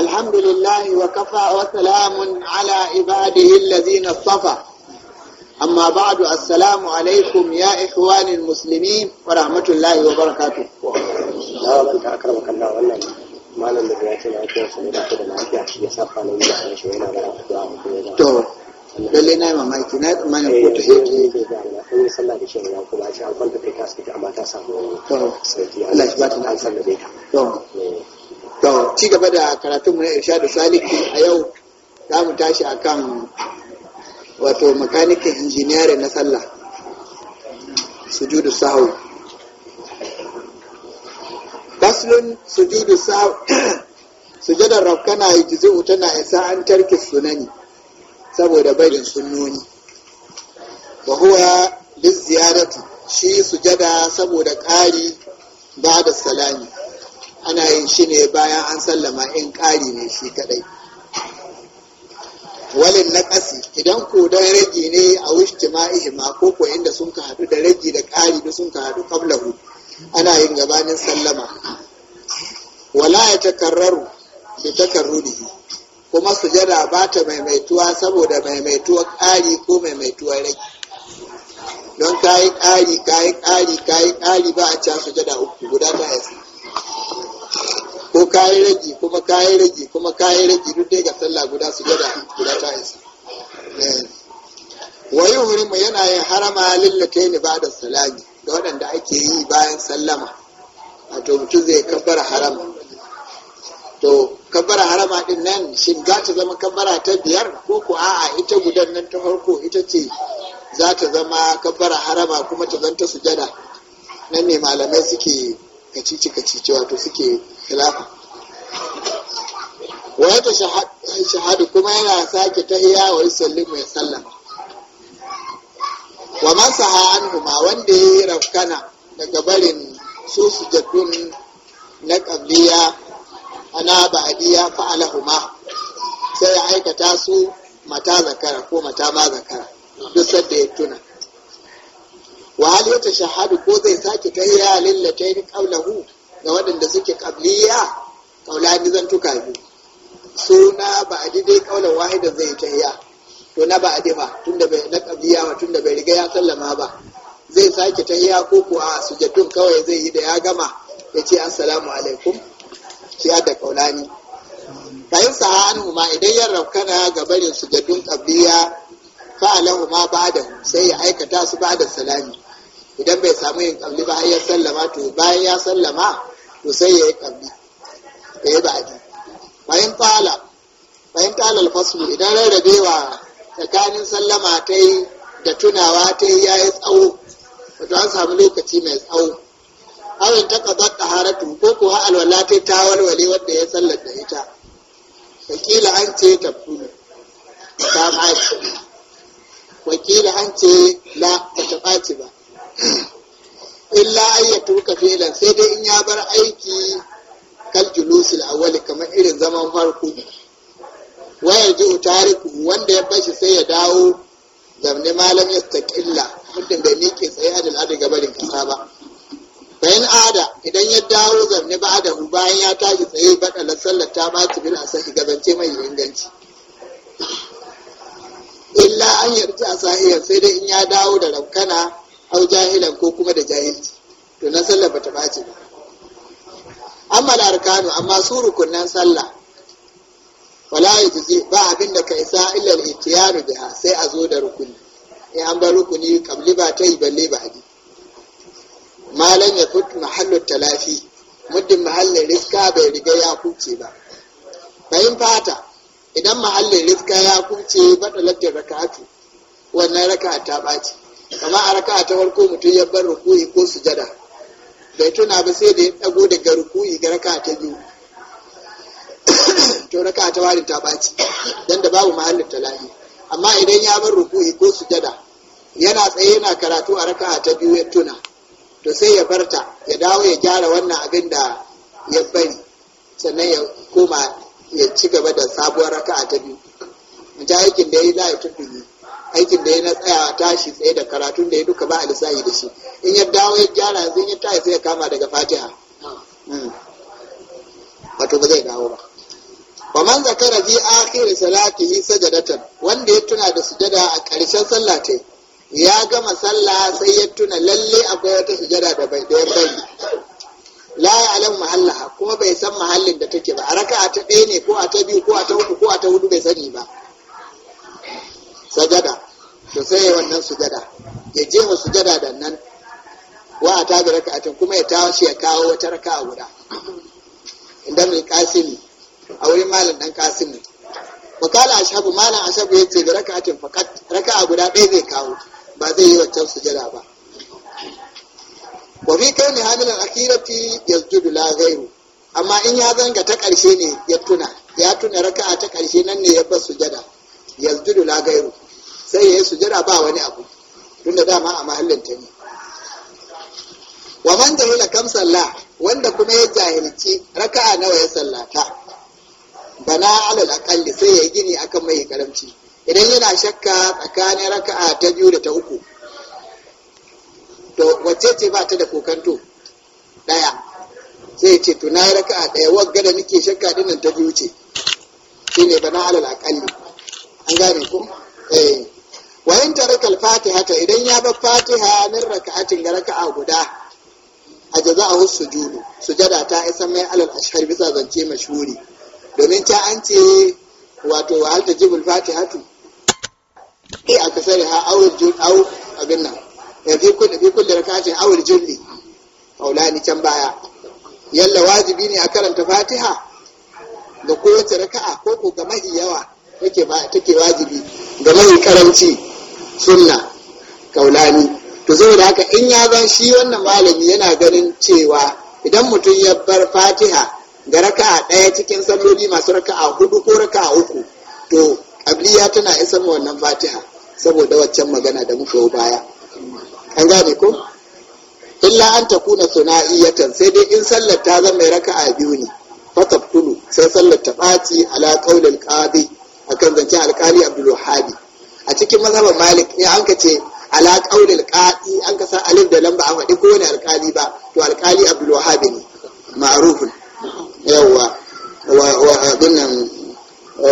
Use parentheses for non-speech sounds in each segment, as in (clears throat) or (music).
الحمد لله وكفى وسلام على عباده الذين اصطفى أما بعد السلام عليكم يا إخوان المسلمين ورحمة الله وبركاته malam da ya ce na ake su ne da kuma lafiya ya sa kwanan da ya shi yana da rafuwa a lalle na yi mamaki na yi ne da Allah an yi sallah da shi ya kuma a ce an kwanta kai ta asibiti amma ta samu sauki Allah shi ba ta na sallah da ita to ci gaba da karatun mu na irshadu saliki a yau za mu tashi kan wato makanikin injiniyar na sallah sujudu sahu faslun sujudu sahu (clears throat) sujadar rakkana yujzu tana isa an tarki sunani saboda barin sunnoni wa huwa liziyarati shi sujada saboda ƙari ba da salami ana yin shi ne bayan an sallama in ƙari ne shi kaɗai. walin na ƙasi idan ko don rage ne a wuce ma'ihima ko ko inda sun ka haɗu da rage da ƙari da sun ka haɗu kablahu ana yin gabanin sallama wala ya takarraru bi takarrudihi kuma sujada ba ta maimaituwa saboda maimaituwar ƙari ko maimaituwar rage don kayi ƙari kayi ƙari kayi ƙari ba a ca sujada uku guda ta yasa ko kayi rage kuma kayi rage kuma kayi rage duk dai ga sallah guda su gada guda ta isa eh. wuri mu yana yin harama lillatai ni ba da salami da waɗanda ake yi bayan sallama wato mutum zai kabbara harama to kabbara harama din nan shin za ta zama kabbara ta biyar ko ko a'a ita gudan nan ta farko ita ce za ta zama kabbara harama kuma ta zanta sujada nan ne malamai suke kacici kacici wato suke khilafa Wata shahadu kuma yana sake tahiya wa sallin mai sallama wa masaha anhuma wanda ya yi rafkana daga barin su sujadun na kabliya ana fa fa'alahuma sai ya aikata su mata zakara ko mata ma zakara duk sadda ya tuna wa hal shahadu ko zai sake tayya ni qablahu ga waɗanda suke qabliya qaulani zan tuka biyu suna ba a dide kaulan wahida zai tayya to na ba a ba tunda bai na qabliya ba tunda bai riga ya sallama ba zai sake tayya ko ko a sujadun kawai zai yi da ya gama ya ce assalamu alaikum ciya da kaulani bayan sa'anu ma idan ya raukana ga barin sujadun qabliya fa'alahu ma ba'da sai ya aikata su da salami idan bai samu yin kalli ba ya sallama to bayan ya sallama to sai ya yi kalli ya yi ba'adi bayan tala bayan tala alfaslu idan rarrabewa tsakanin sallama ta yi da tunawa ta yi ya yi tsawo wato an samu lokaci mai tsawo awon ta kazar haratu, ko kuwa alwala ta ta walwale wadda ya sallar da ita wakila an ce ta ta ma'aikata wakila an ce la ta ɓaci ba illa ayyatu ka fi'lan sai dai in ya bar aiki kal al awwal kamar irin zaman farko wayar ji utariku wanda ya bashi sai ya dawo zamne malam ya taƙilla mutum bai miƙe tsaye adal adal gabarin kasa ba bayan ada idan ya dawo zamne ba da bayan ya tashi tsaye baɗala sallar ta ba ta bin sai gabance mai inganci illa an yarda a sai dai in ya dawo da raukana au jahilan ko kuma da jahilci to nan sallah bata bace ba amma da arkanu amma su rukunan sallah wala yajzi ba abin da ka isa illa al-ihtiyar biha sai a zo da rukuni in an bar rukuni kabli ba ta yi balle ba ji malan ya fit mahallu talafi muddin mahallin riska bai riga ya kuce ba bayin fata idan mahallin riska ya kuce ba lattar raka'atu wannan raka'a ta ɓaci kama a raka ta farko mutum ya bar rukuyi ko sujada bai tuna ba sai da ya dago daga rukuyi ga raka ta biyu to raka ta wani ta baci dan da babu mahallin talahi amma idan ya bar ruku'i ko sujada yana tsaye yana karatu a raka ta biyu ya tuna to sai ya barta ya dawo ya gyara wannan abin da ya bari sannan ya koma ya ci gaba da sabuwar raka ta biyu mu aikin da ya yi za a aikin da ya na tsaya tashi tsaye da karatun da ya duka ba a lissahi da shi in ya dawo ya gyara yanzu ya tashi sai ya kama daga fatiha hmm. wato ba zai dawo ba wa man zakara fi akhir salatihi sajadatan wanda ya tuna da sujada a karshen sallah ta ya gama sallah sai ya tuna lalle akwai wata sujada da bai da bai la ya'lamu mahallaha kuma bai san mahallin da take ba a raka'a ta ɗaya ne ko a ta biyu ko a ta uku ko a ta hudu bai sani ba sajada to sai ya wannan sujada ya je mu sujada da nan wa a tabi raka'atin kuma ya tashi ya kawo wata raka'a guda inda mai kasimi a wurin malam dan kasimi wakala ashabu malam ashabu ya ce da raka'atin fakat raka'a guda ɗaya zai kawo ba zai yi wancan sujada ba wa fi kauni hamilan akhirati yasjudu la ghayru amma in ya zanga ta ƙarshe ne ya tuna ya tuna raka'a ta ƙarshe nan ne ya bar sujada yasjudu la gairu sai ya su sujada ba wani abu tun da dama a mahallin ta ne wa man jahila kam sallah wanda kuma ya jahilci raka'a nawa ya sallata bana alal akalli sai ya gini akan mai karamci idan yana shakka tsakanin raka'a ta biyu da ta uku to wacce ce ba ta da kokanto daya sai ce to na raka'a daya wagga da nake shakka dinnan ta biyu ce shine bana alal akalli an gane ku eh. wa in taraka al-fatiha ta idan ya bar fatiha min raka'atin ga raka'a guda a jaza'ahu sujudu sujada ta isa mai alal ashhar bisa zance mashhuri domin ta an ce wato hal tajibul fatihatu eh akasari ha awul jul aw abin nan ya eh, fi kulli fi kulli raka'atin awul julli aulani can baya yalla wajibi ne a karanta fatiha da kowace raka'a ko ko ga mahi yawa take wajibi ga mai karanci sunna kaulani to da haka in ya zan shi wannan malami yana ganin cewa idan mutum ya bar fatiha ga raka a ɗaya cikin salloli masu raka a hudu ko raka a uku to abliya tana isa ma wannan fatiha saboda waccan magana da muka baya an gane ko illa an ta kuna suna'iyatan sai dai in sallar ta zama raka a biyu ne fatabtulu sai sallar ta ɓaci ala ƙaunar qadi akan zancen alkali abdul wahabi a cikin mazhaban malik ne an ka ce ala qaulil alqadi an ka san alif da lamba an faɗi kowane alkali ba to alkali abdul wahabi ne ma'rufun yawa wa abinnan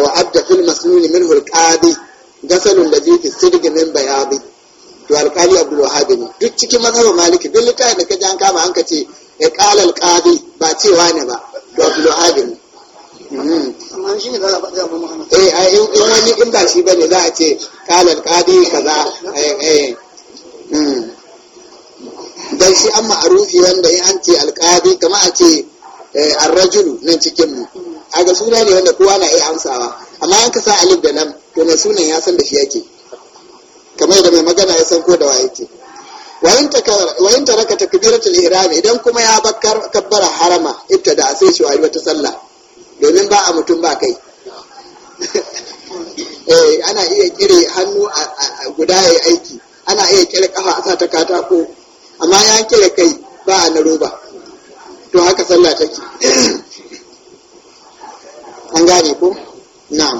wa abda fil masnun minhu alqadi gasalun ladhi fi sidq min bayadi to alkali abdul wahabi ne duk cikin mazhaban malik duk littafin da ka ji an kama an ka ce ya qala alqadi ba cewa ne ba to abdul wahabi ne amma shi ne za a faɗi abu muhammad eh ai in wani in shi bane za a ce kalan kadi kaza eh eh Don shi an ma'arufi wanda in an ce alkadi kama a ce arrajulu nan cikin mu a ga suna ne wanda kowa na iya amsawa amma an ka sa alif da nan to mai sunan ya san da shi yake kamar yadda mai magana ya san ko da wa yake wayin ta raka takbiratul ihram idan kuma ya bakkar kabbara harama ita da sai shi wani wata sallah domin ba a mutum ba kai (laughs) eh, ana iya kire hannu a guda ya aiki ana iya kire kafa a sa ta katako amma ya kire kai ba a naro ba to haka sallah take (coughs) an gane ko na'am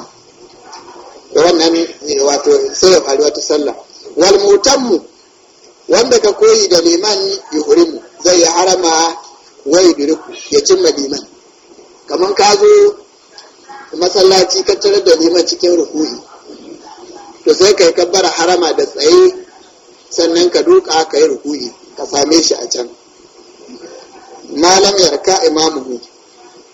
wannan wato sai ya faru wata sallah wal mutammu wanda ka koyi da liman yuhrimu zai harama wai biriku ya cimma liman kamar ka zo masallaci ka tare da neman cikin rukuni to sai ka yi kabbara harama da tsaye sannan ka duka ka yi ruku'i ka same shi a can malam yarka imamu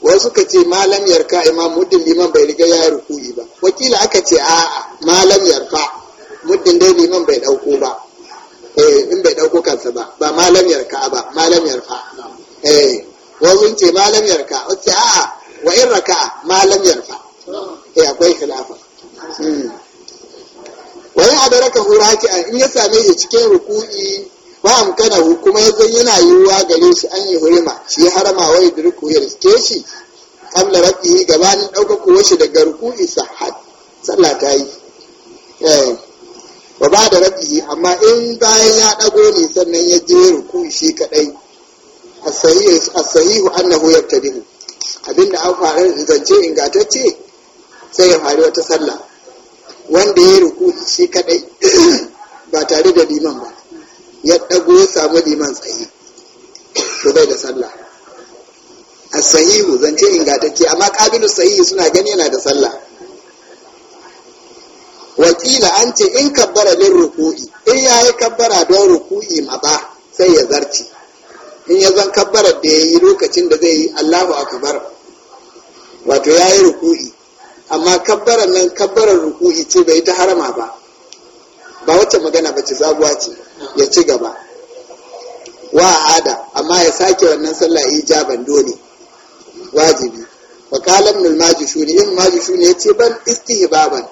wasu ka ce malam yarka imamu muddin liman bai riga ya yi ruku'i ba wakila aka ce a'a malam yarka muddin dai liman bai dauko ba eh in bai dauko kansa ba ba malam yarka ba malam yarka eh ko mun ce malam yarka ce a'a wa in raka malam yarfa E, akwai khilafa hmm. wa in adaraka huraki in ya same shi cikin ruku'i wa amkana kuma ya zan yana yiwuwa gare shi an yi hurima shi harama wai dirku ya riske shi kamla rafi gabanin kuwa shi daga ruku'i sahad sallah ta yi eh. wa ba da rafi amma in bayan ya ɗago ne sannan ya je ruku'i shi kaɗai as-sahihu annahu yabtadi'u abinda an faru zance ingatacce sai ya faru wata sallah wanda ya ruku shi kadai ba tare da liman ba ya dago ya samu liman tsaye to bai da sallah as-sahihu zance ingatacce amma kabilu sahihi suna gani yana da sallah wakila an ce in kabbara bin ruku'i in ya yi kabbara don ruku'i ma ba sai ya zarci in ya zan kabbara da ya yi lokacin da zai yi allahu akbar wato ya yi ruku'i amma kabbarar nan kabbarar ruku'i ce bai ta harama ba ba wacce magana ba ce zabuwa ce ya ci gaba wa ada amma ya sake wannan sallah ijaban dole wajibi wa kalam nul majishuni in majishuni ya ce ban istihbaban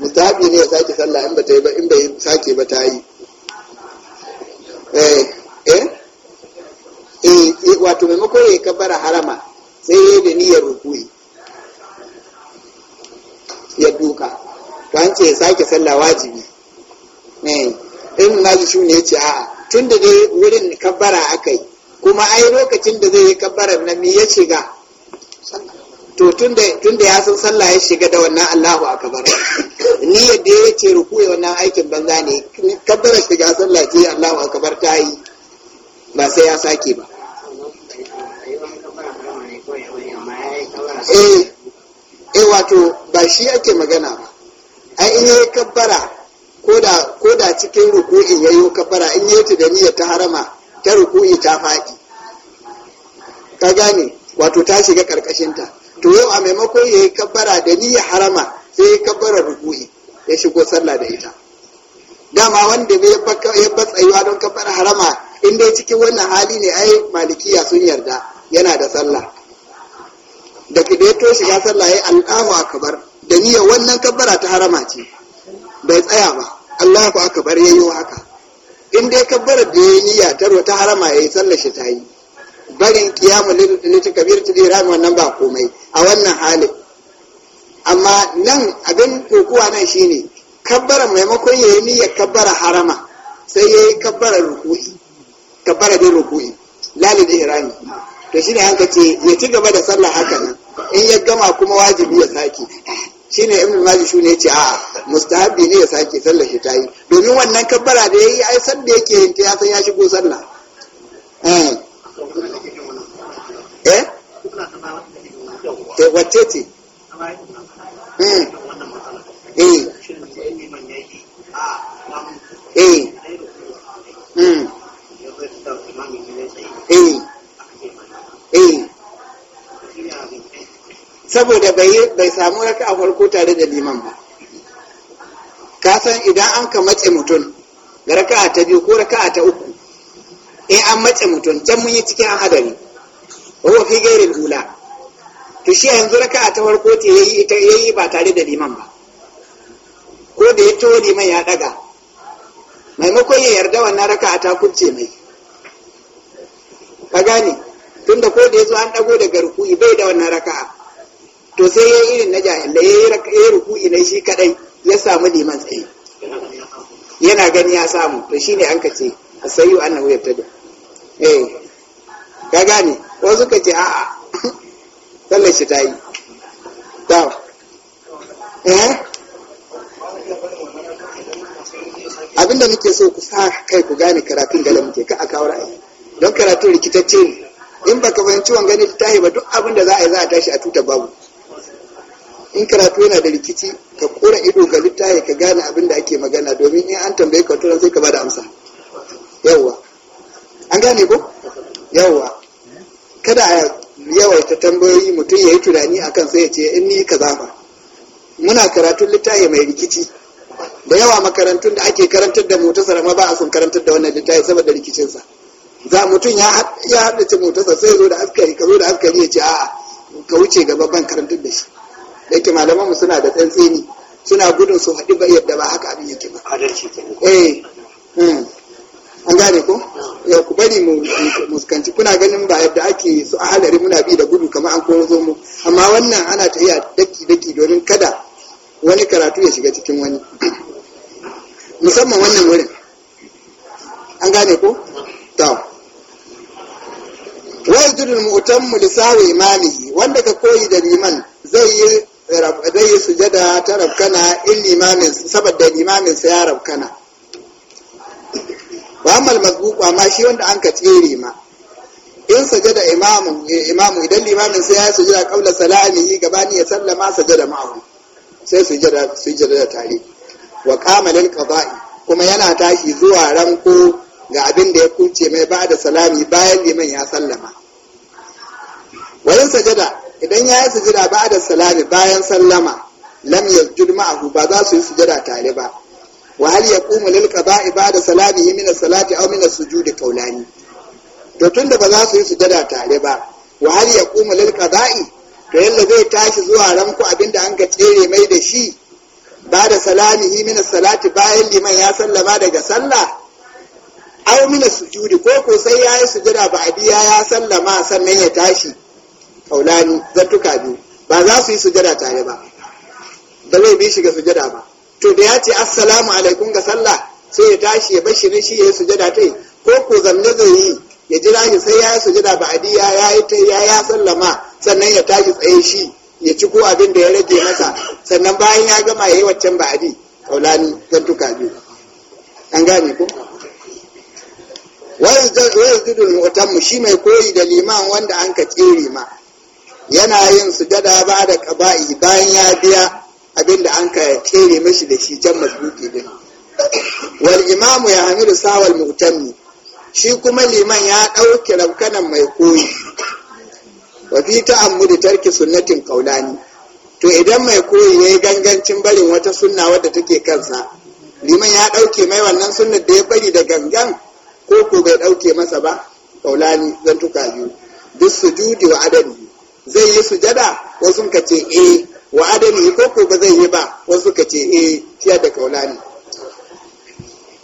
mutabi ne ya sake sallah in ba ta yi ba in bai sake ba ta yi eh eh Eh, eh wato maimakon ya kabbara harama sai ya da niyyar rukui ya duka to an ce ya sake sallah wajibi eh, in na shi ne ya ce a'a tun da dai wurin kabbara yi. kuma ai lokacin da zai yi kabbarar na mi ya shiga to tun da ya san sallah ya shiga da wannan Allahu a akbar niyyar da ya ce rukuwa wannan aikin banza ne kabbarar shiga sallah ce Allahu a kabar ta yi ba sai ya sake ba eh, eh wato ba shi yake magana ba ai in yi kabbara ko da cikin ruku'in yi kabbara in yayi da niyyar ta harama ta ruku'i ta faɗi ka gane wato ta shiga ƙarƙashinta. ta to yau a maimakon ya yi kabbara da niyyar harama sai ya kabbara ruku'i ya shigo sallah da ita dama wanda ya batsayiwa don kabbara harama in dai cikin wannan hali ne ai malikiya sun yarda yana da sallah da kideto shiga sallah yayi Allahu akbar da niyyar wannan kabbara ta harama ce bai tsaya ba Allahu akbar yayi haka in dai kabbara da yayi niyya tarwa ta harama yayi sallar shi ta yi barin kiyamu lillahi kabir tidiran wannan ba komai a wannan hali. amma nan abin kokowa nan shine kabbara maimakon yayi niyyar kabbara harama sai yayi kabbara ruku'i kabbara bin ruku'i da irani to shine hanka ce ya ci gaba da sallah haka nan in ya gama kuma wajibi ya sake ne ibn malik shi ne ce a'a mustahabi ne ya sake sallah shi ta yi, domin wannan kabbara da ya yi ai san da yake yin ya san ya shigo sallah eh eh, eh wacce ce hmm. eh eh eh eh saboda bai samu raka a farko tare da liman ba ka san idan an ka matse mutum ga raka'a ta biyu ko raka'a ta uku in an matse mutum can mun yi cikin an hadari ruwa fi gairi hula Ta shi yanzu raka'a ta farko ce yayi ita ba tare da liman ba ko da ya to liman ya daga maimakon ya yarda wannan raka ta kunce mai ka gane tunda ko da yazo an dago daga ruku'i bai da wannan raka'a to sai yayi irin na jahilla yayi ruku'i ne shi kadai ya samu liman tsaye yana gani ya samu to shine an ka ce asayu annahu yabtada eh ka gane ko ka ce a'a (laughs) sallar shi ta yi dawa eh abinda nake so ku sa kai ku gane karatun da muke ka a kawo ra'ayi don karatun rikitacce ne in baka fahimci wanga ne littafi ba duk abin da za a yi za a tashi a tuta babu in karatu yana da rikici ka kora ido ga littafi ka gane abin da ake magana domin in an tambaye ka turan sai ka bada amsa yawwa an gane ko yawwa kada a yawaita tambayoyi mutum ya yi tunani akan sai ya ce in ni ka zama. muna karatun littafi mai rikici da yawa makarantun da ake karantar da mu ta sarama ba a son karantar da wannan littafi saboda rikicinsa za mutum ya haɗa ce motarsa sai zo da askari ka zo da afkari ya ce a'a ka wuce gaba ban karantar da shi da malamanmu malaman mu suna da tsantseni suna gudun su haɗi ba yadda ba haka abin yake ba adalci eh hmm. an gane ko hmm. ya ku bari mu muskanci kuna ganin ba yadda ake su a halari muna bi da gudu kamar an koro zo mu amma wannan ana ta iya daki daki domin kada wani karatu ya shiga cikin wani musamman wannan wurin an gane ko to wa yajudul mu'tammu li wanda ka koyi da liman zai yi zai yi sujada ta rabkana in limamin saboda limamin sa ya rabkana Ba amal mazbuq amma shi wanda an ka tsere ma in sajada imamu imamu idan limamin sa ya sujada qabla salamihi gabani ya sallama sajada ma'ahu sai su sujada da tare wa qama lil kuma yana tashi zuwa ranko ga abin da ya kunce mai ba da salami bayan liman ya sallama wayin sajada idan ya yi sujada ba da salami bayan sallama lam yasjud ma'ahu ba za su yi sujada tare ba wa hal yaqumu lil qada'i da salami, min as-salati aw min as-sujudi qawlani to tunda ba za su yi sujada tare ba wa hal yaqumu lil qada'i to yalla zai tashi zuwa ranku abinda an ka tsere mai da shi ba da salami, min as-salati bayan liman ya sallama daga sallah aw min as-sujudi ko ko sai yayi sujada ba a biya ya sallama sannan ya tashi kaulani zartuka biyu ba za su yi sujada tare ba ba zai bi shi ga sujada ba to da ya ce assalamu alaikum ga sallah sai ya tashi ya bashi ne shi ya yi sujada ta yi ko ko zanne zai yi ya jira shi sai ya yi sujada ba adiya ya yi ta ya ya sallama sannan ya tashi tsaye shi ya ci ko abin da ya rage masa sannan bayan ya gama ya yi waccan ba adi kaulani zartuka biyu an gane ko wayar zudul mu'tammu shi mai koyi da liman wanda an ka tsere ma yana yin sujada ba da kaba'i bayan ya biya abin da an ka cere mashi da shi can masbuki din wal imamu ya hamidu sawal mutammi shi kuma liman ya ɗauke rabkanan mai koyi wa fi da tarki sunnatin kaulani to idan mai koyi yayi gangancin barin wata sunna wadda take kansa liman ya ɗauke mai wannan sunnar da ya bari da gangan ko ko bai ɗauke masa ba kaulani tuka biyu duk sujudi wa adadi zai yi sujada wasu ka ce eh wa adami ko ko ba zai yi ba wasu ka ce eh fiye da kaulani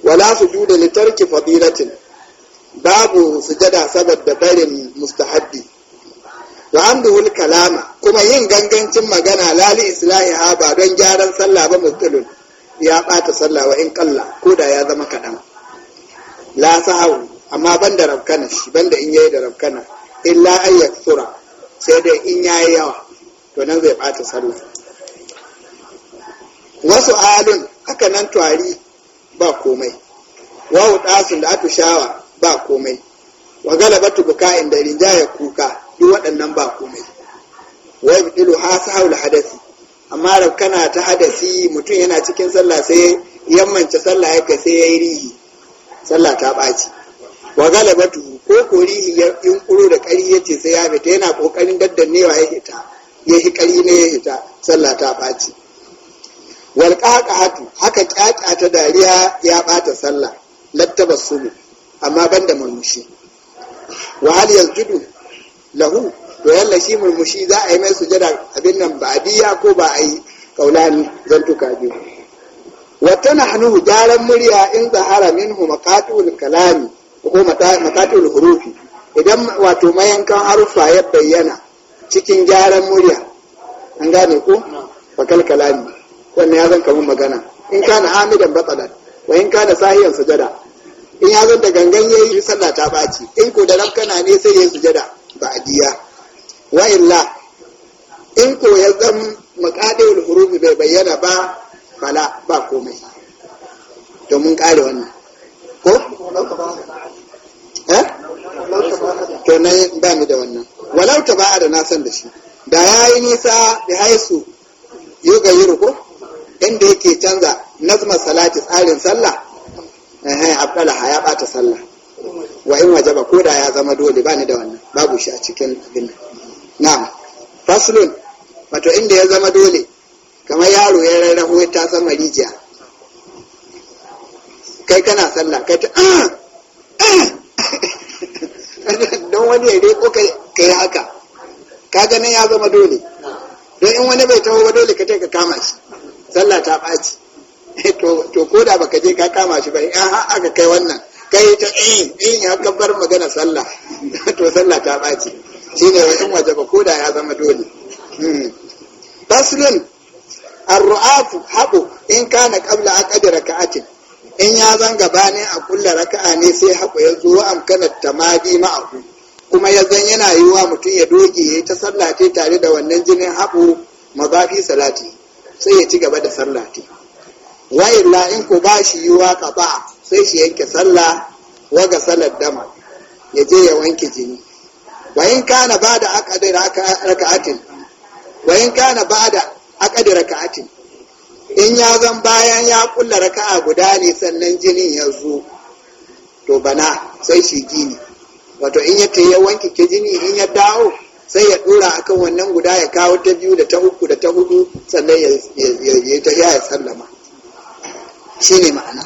wala sujuda li tarki fadilatin babu sujada saboda barin mustahabbi wa amduhul kalama kuma yin gangancin magana lali ha ba don gyaran sallah ba mutulun ya bata sallah wa in kalla ko da ya zama kaɗan la sahau amma ban da rabkana shi ban da in yayi da rabkana illa an sai dai in ya yi yawa to nan zai ɓata sallah wasu alun haka nan tuwari ba komai wawu ɗasin da atu shawa ba komai wa galabatu inda da rinjaya kuka duk waɗannan ba komai wai bidilu ha haula hadasi amma da kana ta hadasi mutum yana cikin sallah sai yammance sallah ya sai ya yi rihi sallah ta ɓaci wa galabatu ko kori ya yunkuro da ƙari ya ce sai ya fita yana ƙoƙarin daddannewa ya hita ya yi ƙari ne ya hita sallah ta ɓaci walƙa haka haka ƙyaƙyata dariya ya ɓata sallah lattaba sumu amma ban da murmushi wa hal yasjudu lahu to yalla shi murmushi za a yi mai sujada abin nan ba biya ko ba a yi kaulani zantuka biyu wata gyaran murya in zahara minhu maqatul kalami ko matakin hurufi idan wato mayankan harufa ya bayyana cikin gyaran murya an gane ku bakal kalami wannan ya zan kamun magana in kana hamidan batsalan wa in kana sahiyan sujada in ya zan da gangan yayi sallah ta baci in ko da rabkana ne sai yayi sujada ba adiya wa illa Muslim. mutu wa illa in ku ba shi yiwa ka ba sai shi yanke sallah waga salar dama ya je ya wanke jini wa in kana ba da akadar raka'atin wa in kana ba da raka'atin in ya zan bayan ya kulla raka'a guda ne sannan jinin ya zo to bana sai shi gini wato in ya ya wanke jini in ya dawo sai ya dora akan wannan guda ya kawo ta biyu da ta uku da ta hudu sannan ya yi ta ya sallama shi ne ma'ana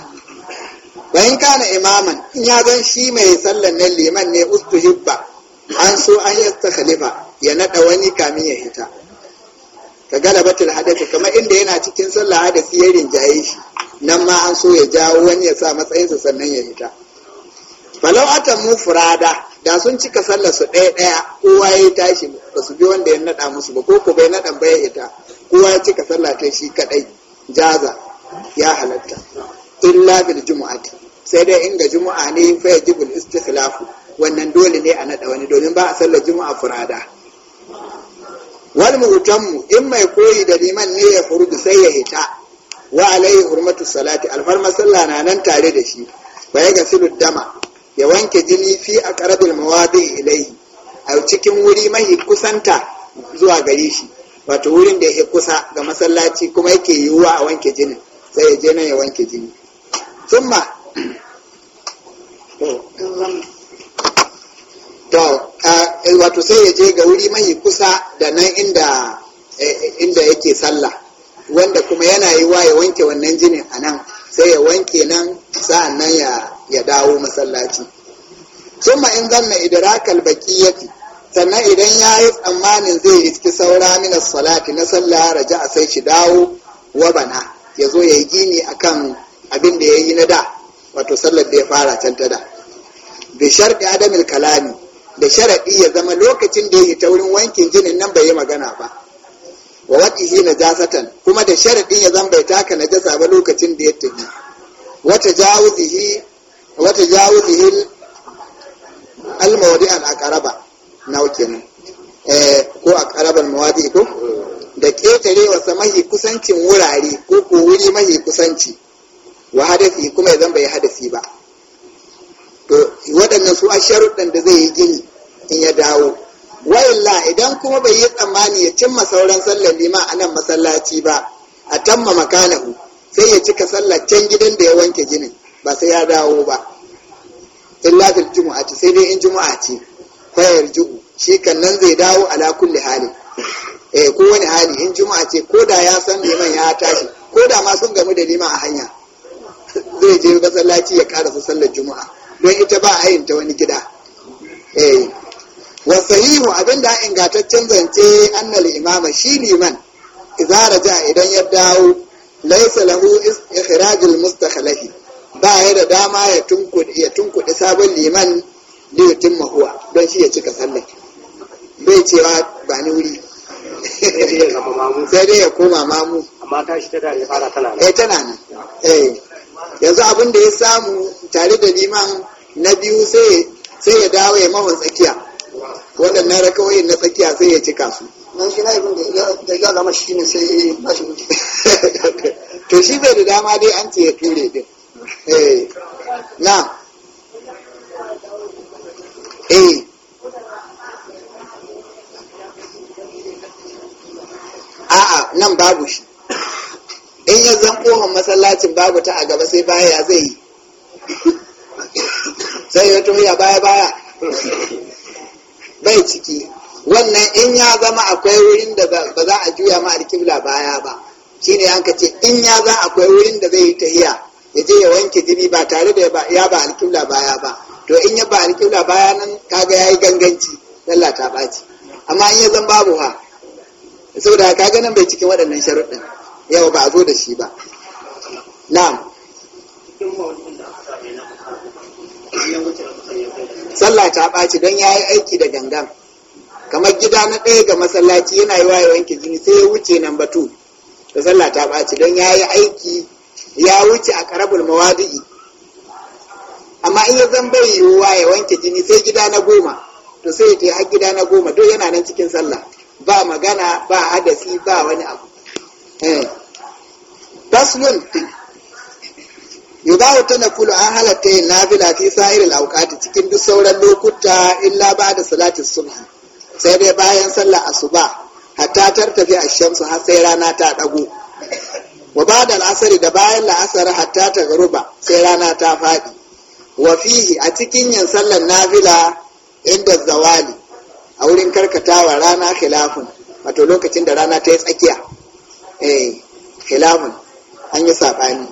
bayan kana imaman in ya zan shi mai sallan nan liman ne ustuhibba an so an yi khalifa ya nada wani kamin ya hita ka galabatul hadasi kamar inda yana cikin sallah da ya rinjaye shi nan ma an so ya jawo wani ya sa matsayinsa sannan ya hita falau ata mu furada da sun cika sallar su ɗaya ɗaya kowa ya tashi ba su bi wanda ya naɗa musu ba ko ku bai naɗa ba ya ita kowa ya cika sallah ta shi kaɗai jaza ya halatta illa bil jumu'ati sai dai inga jumu'a ne fa yajibul istikhlaf wannan dole ne a naɗa wani domin ba a sallar jumu'a furada wal mu'tammu in mai koyi da liman ne ya furu sai ya hita wa alaihi hurmatu salati alfarma masalla na nan tare da shi fa ya gasilu dama ya wanke jini fi a karabin mawadi ilai a cikin wuri mai kusanta zuwa gare shi wato wurin da ya kusa ga masallaci kuma yake yiwuwa a wanke jini sai ya je nan ya wanke jini Tumma, to eh, wato sai ya je ga wuri mai kusa da nan inda eh, eh, inda yake sallah wanda kuma yana yiwuwa ya wanke wannan jinin a nan sai ya wanke nan sa'an nan ya ya dawo masallaci summa in zanna idrakal baqiyati sannan idan ya yi tsammanin zai iski saura mina salati na sallah raja a sai shi dawo wa bana ya zo ya yi gini akan abin da ya yi na da wato sallar da ya fara can ta da bi sharɗi adamil kalami da sharaɗi ya zama lokacin da ya yi ta wurin wankin jinin nan bai yi magana ba wa shi na jasatan kuma da sharaɗin ya zama bai taka na jasa ba lokacin da ya tafi wata jawuzihi wata jawuzihil almawadi an na nawa nan, eh, ko a karabar mawadi ko da ƙetare wasa mahi kusancin wurare ko ko wuri mahi kusanci wa hadafi kuma ya bai hadafi ba to waɗannan su a sharuɗan da zai yi gini in ya dawo wa'illa idan kuma bai yi tsammani ya cimma sauran sallar lima a nan masallaci ba a tamma makanahu sai ya cika sallar can gidan da ya wanke ginin ba sai ya dawo ba illa fil jumu'ati sai dai in jumu'a ce Kwayar ju'u shi kan zai dawo ala kulli hali eh ko wani hali in juma'a ce ko da ya san neman ya tashi ko da ma sun gamu da nima a hanya (laughs) zai je masallaci ya karasa sallar juma'a don ita ba a yin ta wani gida eh wa sahihu abinda ingantaccen zance annal imama shi liman idza raja idan ya dawo laysa lahu ikhrajul mustakhlafi ba ya da dama ya tunkuɗi sabon liman da ya tun mahuwa don shi ya cika sallar bai cewa ba ni wuri sai dai ya koma mamu amma ta shi ta dare fara tana nan eh tana nan eh yanzu abin da ya samu tare da liman na biyu sai ya dawo ya mahon tsakiya waɗannan rakawai na tsakiya sai ya cika su nan shi na yi da ya zama shi ne sai ya bashi (laughs) to shi bai da dama dai an ce ya ture din Eh, eh. a'a nan babu shi in ya zan kohon masallacin babu ta a gaba sai baya zai yi sai ya tuhiya baya baya bai ciki wannan in ya zama akwai wurin da ba za a juya ma alkibla baya ba shine an ka ce in ya zan akwai wurin da zai yi tahiya ya je ya wanke jini ba tare da ya ba alƙibla baya ba to in ya ba alƙibla baya nan kaga ya yi ganganci lalla ta ɓaci amma in ya zan babu ha saboda kaga nan bai cikin waɗannan sharuɗin yau ba a zo da shi ba na'am sallah ta ɓaci don ya yi aiki da gangan kamar gida na ɗaya ga masallaci yana yi ya wanke jini sai ya wuce nan batu da sallah ta ɓaci don ya yi aiki ya wuce a karabul mawadi'i amma in ya zan bai yiwuwa ya wanke jini sai gida na goma to sai yi har gida na goma duk yana nan cikin sallah ba magana ba hadasi ba wani abu eh. faslun na Kulu an halatta yin nafila fi sa'iril awqati cikin duk sauran lokuta illa da salati suna? sai dai bayan su asuba hatta tartafi a shamsu har sai rana ta dago wa ba da la'asari da bayan la'asar hatta ta garuba sai rana ta faɗi wa fihi a cikin yin sallar nafila inda zawali a wurin wa rana khilafun wato lokacin da rana ta yi tsakiya eh khilafun an yi saɓani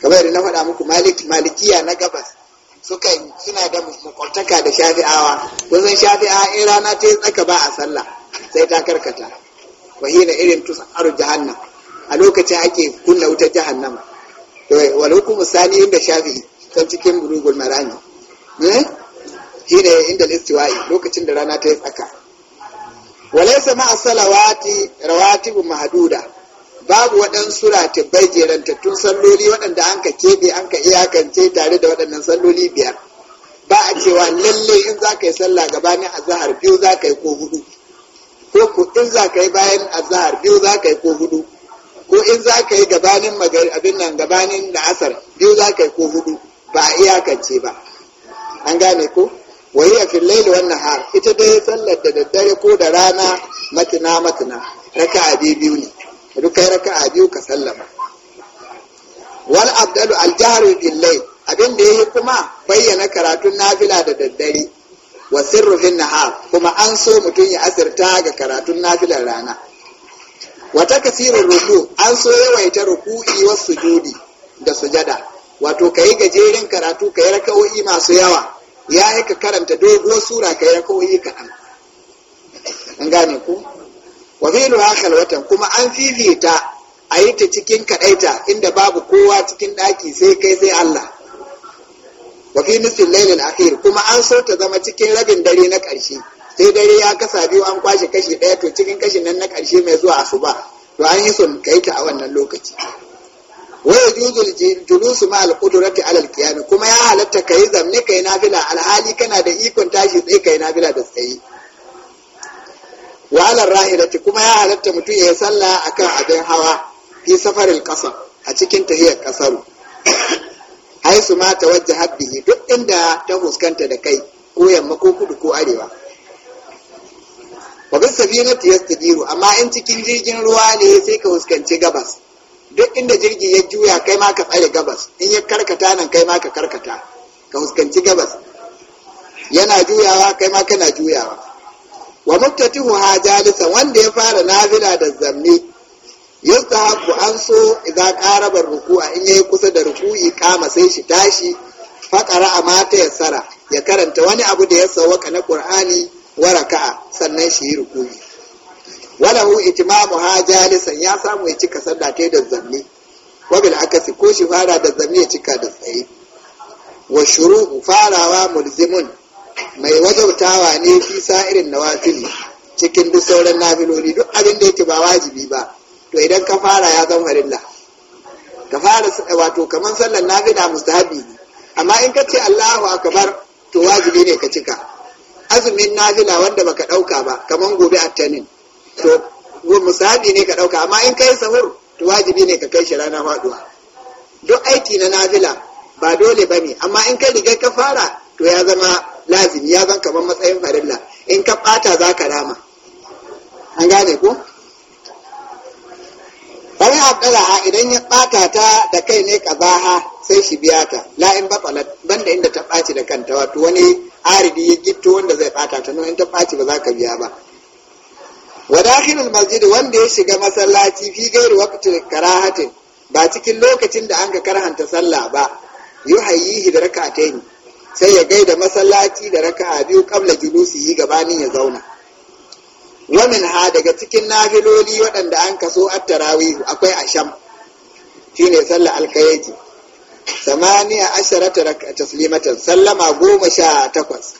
kamar yadda na faɗa muku malikiya na gabas suka suna da makwabtaka da shafi'awa wajen shafi'a in rana ta yi tsaka ba a sallah sai ta karkata wahina irin tusar jahannam a lokacin ake kunna wutar jahannama eh, Wani hukumu sani inda shafi can cikin marani ne eh? shi ne inda listiwa'i lokacin da rana ta yi tsaka walaisa ma'a salawati rawatibu mahaduda babu waɗansu ratibai jerantattun salloli waɗanda an ka keɓe an ka iyakance tare da waɗannan salloli biyar ba a cewa lalle in za ka yi sallah gabanin azahar biyu za ka yi ko hudu ko in za ka yi bayan azahar biyu za ka yi ko hudu ko in za ka yi gabanin abin nan gabanin da asar biyu za ka yi ko hudu ba a iyakance ba an gane ko wani a fillaili wannan har ita dai sallar da daddare ko da rana matina matina raka a biyu ne rukai raka a biyu ka sallama wal abdalu aljaharu billai abin da ya yi kuma bayyana karatun nafila da daddare wa sirru nahar kuma an so mutum ya asirta ga karatun nafilar rana wata kasirin ruku an so yawaita ruku'i wasu sujudi da sujada wato ka yi gajeren karatu ka yi raka'o'i masu yawa ya yi ka karanta dogo sura ka yi raka'o'i kaɗan an gane ku wa filu hakal watan kuma an fifita a yi ta cikin kaɗaita inda babu kowa cikin ɗaki sai kai sai Allah wa fi nufin lailin akhir kuma an so ta zama cikin rabin dare na ƙarshe sai dare ya kasa biyu an kwashe kashi ɗaya to cikin kashin nan na ƙarshe mai zuwa asuba to an yi son kai ta a wannan lokaci waya juzul julusu ma alqudrati ala kuma ya halatta kai zamne kai nafila alhali kana da ikon tashi tsaye kai nafila da tsaye wa ala rahilati kuma ya halatta mutum ya sallah akan abin hawa fi safaril qasam a cikin tahiyar kasaru haisu ma tawajjahat bihi duk inda ta fuskanta da kai ko yamma ko kudu ko arewa wa bin sabinati yastadiru amma in cikin jirgin ruwa ne sai ka fuskanci gabas duk inda jirgi ya juya kai ma ka tsare gabas in ya karkata nan kai ma ka karkata ka fuskanci gabas yana juyawa kai ma kana juyawa wa muftatihu ha jalisa wanda ya fara nafila da zamni yustahabu an so idan qaraba ruku'a in yayi kusa da ruku'i kama sai shi tashi faqara amata yassara ya karanta wani abu da ya sawaka na qur'ani waraka'a sannan shi yi wala hu itimamu ha jalisan ya samu ya cika sanda ta da zanni wabil akasi ko shi fara da zanni ya cika da tsaye wa shuru farawa mulzimun mai wazautawa ne fi sa'irin nawafili cikin duk sauran nafiloli duk abin da yake ba wajibi ba to idan ka fara ya zama harilla ka fara wato kamar sallar nafila mustahabi ne amma in ka ce Allahu akbar to wajibi ne ka cika azumin nafila wanda baka ɗauka ba kamar gobe attanin to musabi ne ka ɗauka amma in kai sahur to wajibi ne ka kai shi rana faduwa duk aiki na nafila ba dole ba amma in kai rigar ka fara to ya zama lazimi ya zan kaman matsayin farilla in ka ɓata za rama an gane ko abdala a idan ya ɓata ta da kai ne ƙazaha sai shi biya ta la in ban da inda ta ɓaci da kanta wato wani aridi ya gitto wanda zai bata ta nan ta faci ba za ka biya ba wa dakhilul masjid wanda ya shiga masallaci fi gairi waqtil karahatin ba cikin lokacin da an ga karhanta sallah ba yuhayyihi da rak'atayn sai ya gaida masallaci da raka'a biyu qabla yi gabanin ya zauna wa min ha daga cikin nafiloli waɗanda an kaso at-tarawih akwai asham shine sallah alkayaji samaniya asharata taslimatan sallama goma sha takwas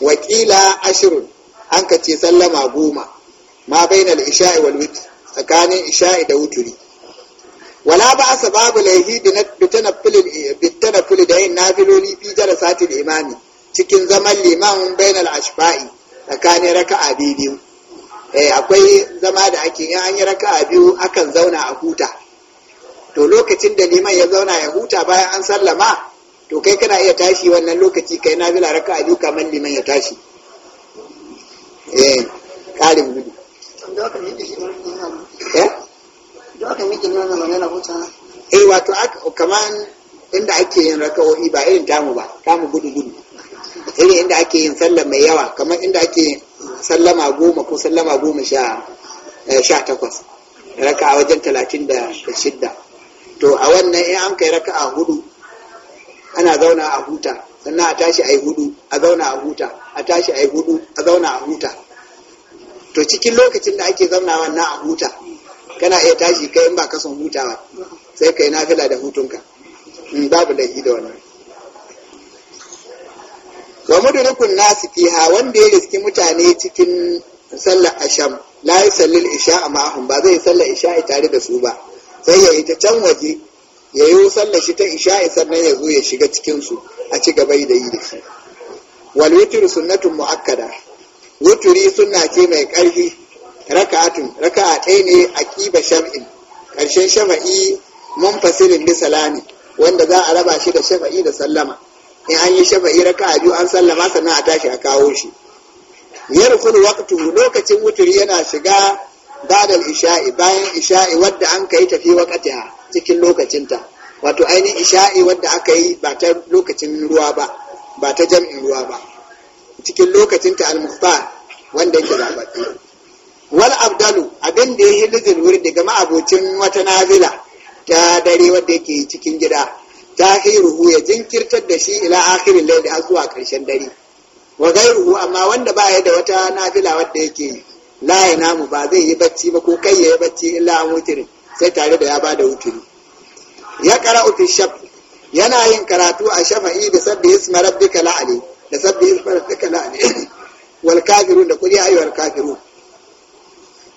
wakila ashirin an ce sallama goma ma bainal isha'i wal tsakanin isha'i da wuturi wala ba asa babu laihi bitanafil da yin nafiloli fi jarasatil imami cikin zaman liman bainar ashfa'i tsakanin raka'a biyu akwai zama da ake yin an yi raka'a biyu akan zauna a huta to lokacin da liman ya zauna ya huta bayan an sallama to kai kana iya tashi wannan lokaci kai na bila raka a duka man liman ya tashi eh karin gudu eh? eh wato kamar inda ake yin raka'o'i ba irin tamu ba tamu gudu gudu irin inda ake yin sallama mai yawa kamar inda ake yin sallama goma ko sallama goma sha eh, takwas raka a wajen talatin da shidda to a wannan in an kai raka'a hudu ana zauna a huta sannan a tashi a yi hudu a zauna a huta a tashi a yi hudu a zauna a huta to cikin lokacin da ake zauna wannan a huta kana iya tashi kai in ba ka son hutawa sai kai nafila da hutunka in babu laifi da wannan wa mudrikun nasi fiha wanda ya riski mutane cikin sallar asham la yusallil isha ma'ahum ba zai sallar isha tare da su ba sai ya ita can waje ya yi sallar shi ta isha'i sannan ya zo ya shiga cikinsu a ci gaba da yi da shi wal witr sunnatun muakkada wuturi sunna ce mai ƙarfi raka'atun raka'a ɗaya ne a ƙiba shar'in ƙarshen shafa'i munfasirin bi salami wanda za a raba shi da shafa'i da sallama in an yi shafa'i raka'a biyu an sallama sannan a tashi a kawo shi yarful waqtu lokacin wuturi yana shiga ba'da isha'i bayan isha'i wadda an kai tafi waqtiha cikin lokacinta wato ainihin isha'i wadda aka yi ba ta lokacin ruwa ba ba ta jam'in ruwa ba cikin lokacinta al-mukhtar wanda yake zaɓaɓɓe wal abdalu abin da ya yi lizin wuri daga ma'abocin wata nazila ta dare wadda yake cikin gida ta ruhu ya jinkirtar da shi ila akhirin laili har zuwa ƙarshen dare wa gairuhu amma wanda ba ya da wata nazila wadda yake la ya namu ba zai yi bacci ba ko kai ya yi bacci illa an wutiri sai tare da ya ba da wutiri ya kara ufi shaf yana yin karatu a shafa'i da sabbi isma rabbika la'ali da sabbi isma rabbika la'ali (coughs) wal kafirun da kuli ayyuhal kafirun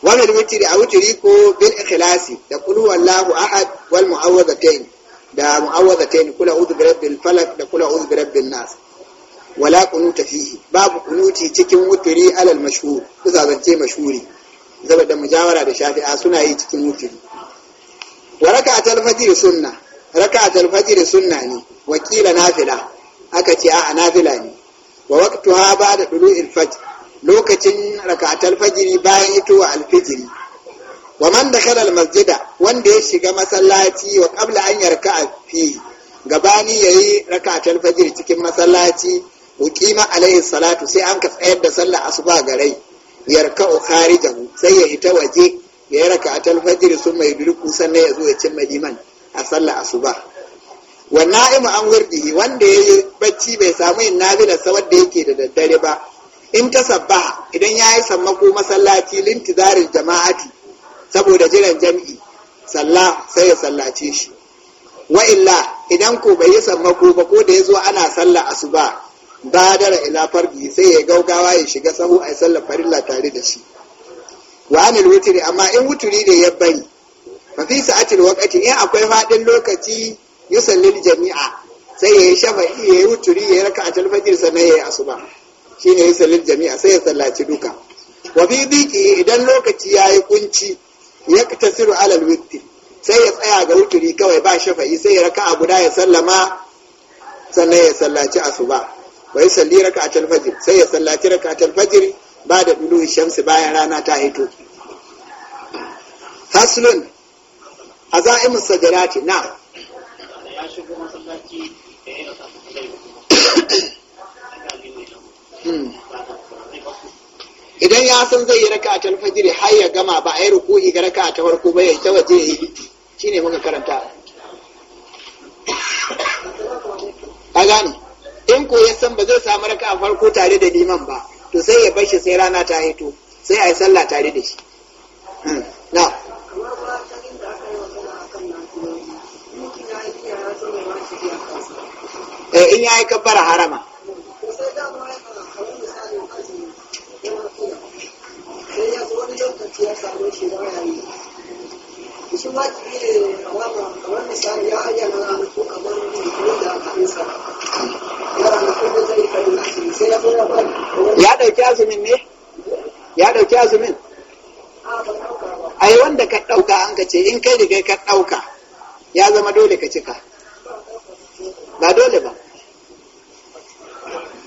wannan wutiri a wutiri ko bil ikhlasi da qul huwallahu ahad wal mu'awwidhatayn da mu'awwidhatayn kula a'udhu bi rabbil falaq da kula a'udhu bi rabbin nas wala kunuta fihi babu kunuti cikin wuturi alal mashhur bisa zance mashhuri da mujawara da shafi'a suna yi cikin wuturi wa raka'atul fajr sunna raka'atul fajr sunna ne wakila nafila aka ce a nafila ne wa waqtuha ba'da dulu'il fajr lokacin raka'atul fajr bayan ito itowa alfijiri wa man dakhala masjida wanda ya shiga masallaci wa qabla an yarka'a fi gabani yayi raka'atul fajr cikin masallaci uqima alaihi salatu sai an ka tsayar da sallah asuba garai yarka'u kharijan sai ya hita waje ya raka atal fajr sun mai birku sannan ya zo ya cimma liman a sallah asuba wa na'imu an wurdihi wanda yayi bacci bai samu yin nafila sawar da yake da daddare ba in ta sabba idan ya yi sammako masallaci lintizarin jama'ati saboda jiran jam'i salla sai ya sallace shi wa illa idan ko bai yi sammako ba ko da ya zo ana sallar asuba badara ila fardi sai ya gaugawa ya shiga sahu a sallar farilla tare da shi wa anil wuturi amma in wuturi da ya bari fa fi sa'atil waqti in akwai fadin lokaci yusallil jami'a sai ya yi shafa'i ya yi wuturi ya raka a talfajir sannan ya yi asuba shine yusallil jami'a sai ya sallaci duka wa fi biki idan lokaci ya yi kunci ya tasiru alal wutri sai ya tsaya ga wuturi kawai ba shafa'i sai ya raka a guda ya sallama sannan ya sallaci asuba wa raka a talfajir, sai ya sallaci raka a talfajir ba da dulu shamsi bayan rana ta hito faslun azaimus sajadati na hmm. idan ya san zai yi raka a talfajir har ya gama ba a yi rukuhi ga raka ta farko ba ya ta waje ya yi shine muka karanta (coughs) a gani in ko ya san ba zai samu raka a farko tare da liman ba to sai ya bashi sai rana ta hito sai a yi sallah tare da shi hmm. na eh, in yayi kabbara harama sai ya zo wani lokaci ya samu shi ya ɗauki azumin ne ya ɗauki azumin ai wanda ka ɗauka an ka ce in kai kai ka ɗauka ya zama dole ka cika ba dole ba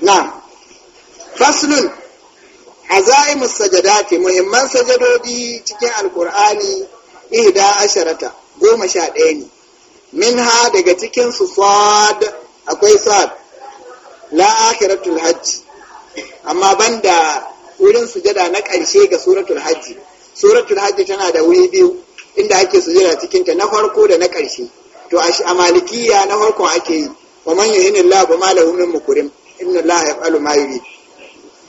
na faslun azaimus sajadati muhimman sajadodi cikin alkur'ani ihda asharata goma sha ɗaya ne min ha daga cikin su sad akwai sad la akhiratul hajj amma banda wurin sujada na ƙarshe ga suratul hajj suratul hajj tana da wuri biyu inda ake sujada cikin ta na farko da na ƙarshe to a malikiya na farkon ake yi wa man yuhinillahu ba malahu min mukrim inna allaha yaf'alu ma yurid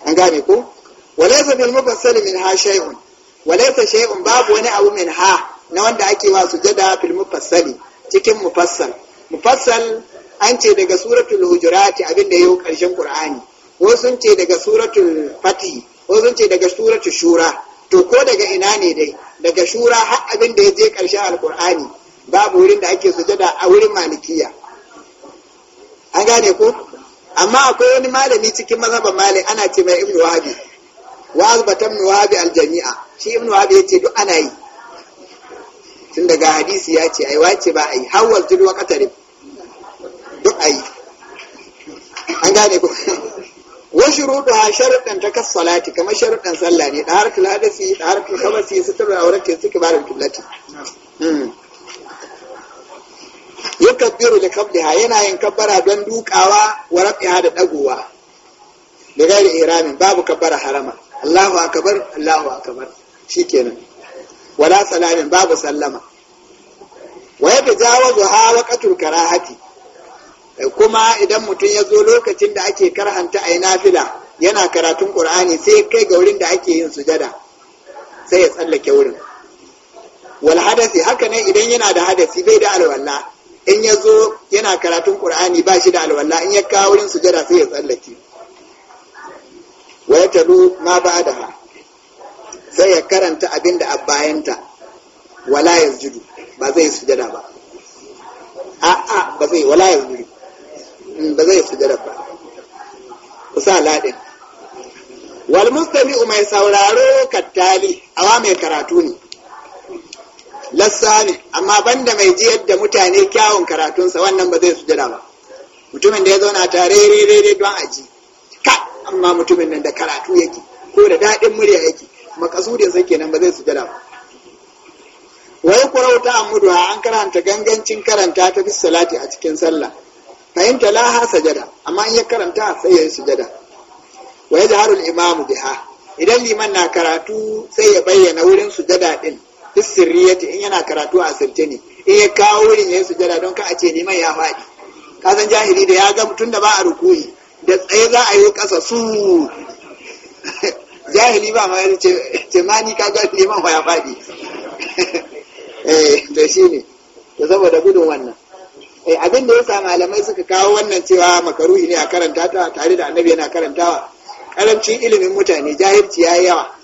an gane ko walaysa bil mufassal min ha shay'un walaysa shay'un babu wani abu min ha na wanda ake wa sujada fil mufassali cikin mufassal mufassal an ce daga suratul hujurati abinda yau karshen qur'ani wasu ce daga suratul fati wasu ce daga suratul shura to ko daga ina ne dai daga shura har abin da ya je karshen alqur'ani babu wurin da ake sujada a wurin malikiya an gane ko amma akwai wani malami cikin mazhaban mali ana ce mai ibnu wahabi wa azbatan wahabi aljami'a shi ibnu wahabi yace duk ana yi tun daga hadisi ya ce ai wace ba ai hawal tudu wa duk ai an gane ko (laughs) wa ha sharuɗan ta salati kamar sharuɗan sallah ne da harkar hadasi da harkar khabasi sutur auratin suke ba da hmm. kabbiru da kabbi qabdiha yana yin kabbara don dukawa wa rafiha da dagowa da gari iramin babu kabbara harama Allahu akbar Allahu akbar shikenan wala salamin babu sallama Waya ya tajawazu ha karahati kuma idan mutum ya zo lokacin da ake karhanta a nafila yana karatun qur'ani sai kai ga wurin da ake yin sujada sai ya tsallake wurin wal hadasi haka ne idan yana da hadasi bai da alwala in ya zo yana karatun qur'ani ba shi da alwala in ya kawo wurin sujada sai ya tsallake wa ya ba ma ha. sai ya karanta abin da bayanta wala ya judu ba zai sujada ba a'a ba zai wala ya judu hmm, ba zai sujada ba kusa ladin wal mustami'u mai sauraro kattali awa mai karatu ne lassa ne amma banda mai ji yadda mutane kyawun karatunsa wannan ba zai sujada ba mutumin da ya zauna tare rere don aji ka amma mutumin nan da karatu yake ko da daɗin murya yake makasudin sai kenan ba zai sujada ba wai kurauta amudu an karanta gangancin karanta ta bis salati a cikin sallah fahimta laha sajada amma in ya karanta sai ya yi sujada wa ya jaharul imamu biha idan liman na karatu sai ya bayyana wurin sujada din bis sirriyati in yana karatu a sirce ne in ya kawo wurin ya yi sujada don ka a ce liman ya faɗi kasan jahili da ya ga mutum da ba a rukuyi da tsaye za a yi kasa su jahili ba ma yana ce ma ni ka gani neman ya faɗi (laughs) eh da shi ne to saboda gudun wannan eh abin da yasa malamai suka kawo wannan cewa makaruhi ne a karanta ta tare da annabi yana karantawa karancin ilimin mutane jahilci ya yi yawa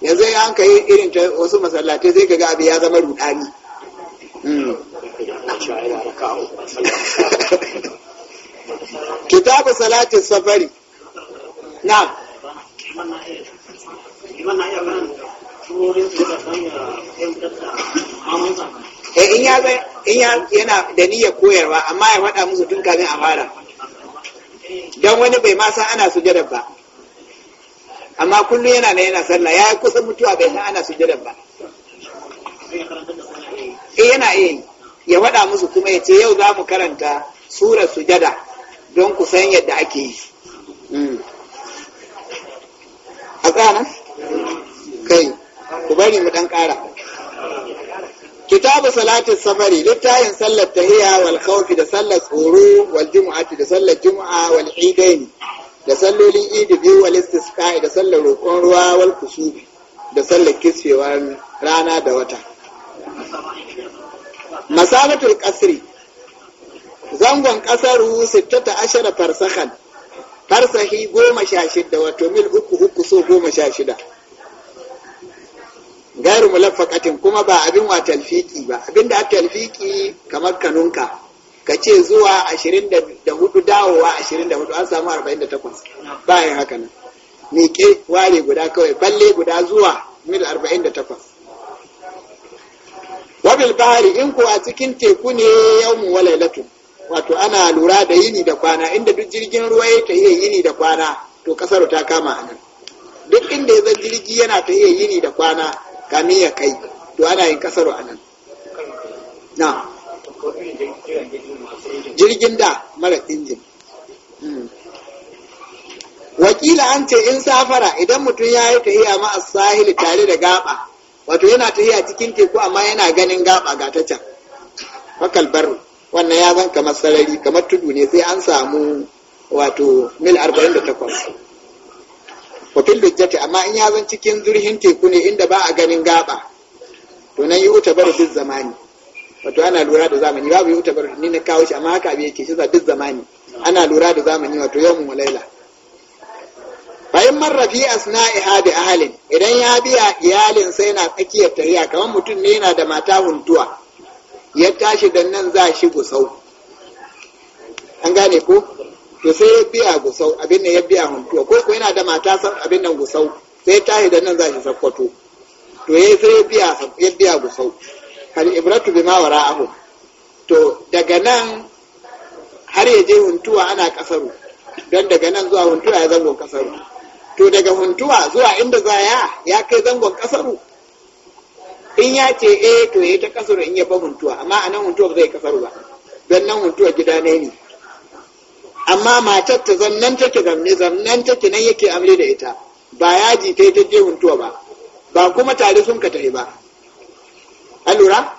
yanzu ya an kai irin ta wasu masallatai zai ga abu ya zama rudani hmm. (laughs) kitabu salatin safari na Eh, in ya in ya yana da niyyar koyarwa amma ya faɗa musu tun kamin a fara don wani bai ma san ana sujadar ba amma kullum yana da yana sallah ya kusan mutuwa bai san ana sujadar ba eh yana iya ya faɗa musu kuma ya ce yau za mu karanta surar sujada don ku san yadda ake yi hmm. mu tsana kai ku bari mu dan ƙara kitabu salatin samari littafin sallar tahiya wal khawfi da sallar tsoro wal jumu'ati da sallar jumu'a wal idaini da sallolin idi biyu wal istisqa'i da sallar roƙon ruwa wal kusubi da sallar kisfewar rana da wata masabatul kasri zangon kasaru 16 farsakan farsahi goma sha shida wato mil uku uku so goma sha shida gairu mulaffaqatin kuma ba abin wa talfiki ba abin da aka talfiki kamar kanunka ka ce zuwa 24 dawowa 24 an samu 48 bayan haka nan miƙe ware guda kawai balle guda zuwa mil 48 wabil bahari in kuwa a cikin teku ne mu walailatun wato ana lura da yini da kwana inda duk jirgin ruwa ya ta iya yini da kwana to kasar ta kama a nan duk inda ya jirgi yana ta iya yini da kwana kami ya kai to ana yin kasar a nan na jirgin da mara injin hmm. wakila an ce in safara idan mutum ya yi tahiya ma sahili tare da gaba wato yana a cikin teku amma yana ganin gaba ga ta can fakal wannan ya zan kamar sarari kamar tudu ne sai an samu wato mil 48 Kofin lujjati amma in ya zan cikin zurhin teku ne inda ba a ganin gaba to nan yi wuta bar duk zamani wato ana lura da zamani babu yi wuta bar ni na kawo shi amma haka abin yake shi za duk zamani ana lura da zamani wato yawon laila. bayan marrafi asna iha da ahalin idan ya biya iyalin sai na tsakiyar tariya kamar mutum ne yana da mata huntuwa ya tashi da nan za shi gusau an gane ko to sai ya biya gusau abin da ya biya huntuwa ko ko yana da mata san abin nan gusau sai ya tashi da nan za shi sakkwato to ya sai ya biya ya biya gusau hal ibratu bima wara'ahu to daga nan har ya je huntuwa ana kasaru don daga nan zuwa huntuwa ya zango kasaru to daga huntuwa zuwa inda za ya ya kai zangon kasaru in ya ce eh to ya ta kasar in ya ba huntuwa amma a nan huntuwa zai kasar ba don nan huntuwa gida ne ne amma matar ta zannan take zamne zannan take nan yake amre da ita ba yaji ta ta je huntuwa ba ba kuma tare sun ka tafi ba Al'ura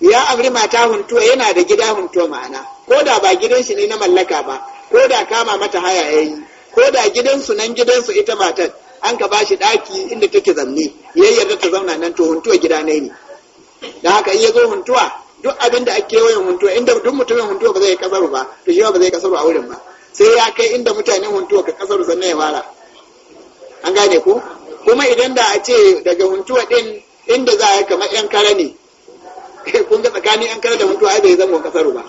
ya amri mata huntuwa yana da gida huntuwa ma'ana ko da ba gidan shi ne na mallaka ba ko da kama mata haya ya yi, ko da gidansu nan gidansu ita matar an ka bashi daki inda take zamne ya yadda ta zauna nan to huntuwa gida ne ne da haka in ya zo huntuwa duk abin da ake wayan huntuwa inda duk mutumin huntuwa ba zai kasaru ba to shi ba zai kasaru a wurin ba sai ya kai inda mutanen huntuwa ka kasaru sannan ya fara an gane ko kuma idan da a ce daga huntuwa din inda za a kamar yan kare ne (laughs) kun ga tsakanin yan kare da huntuwa ai bai zama kasaru ba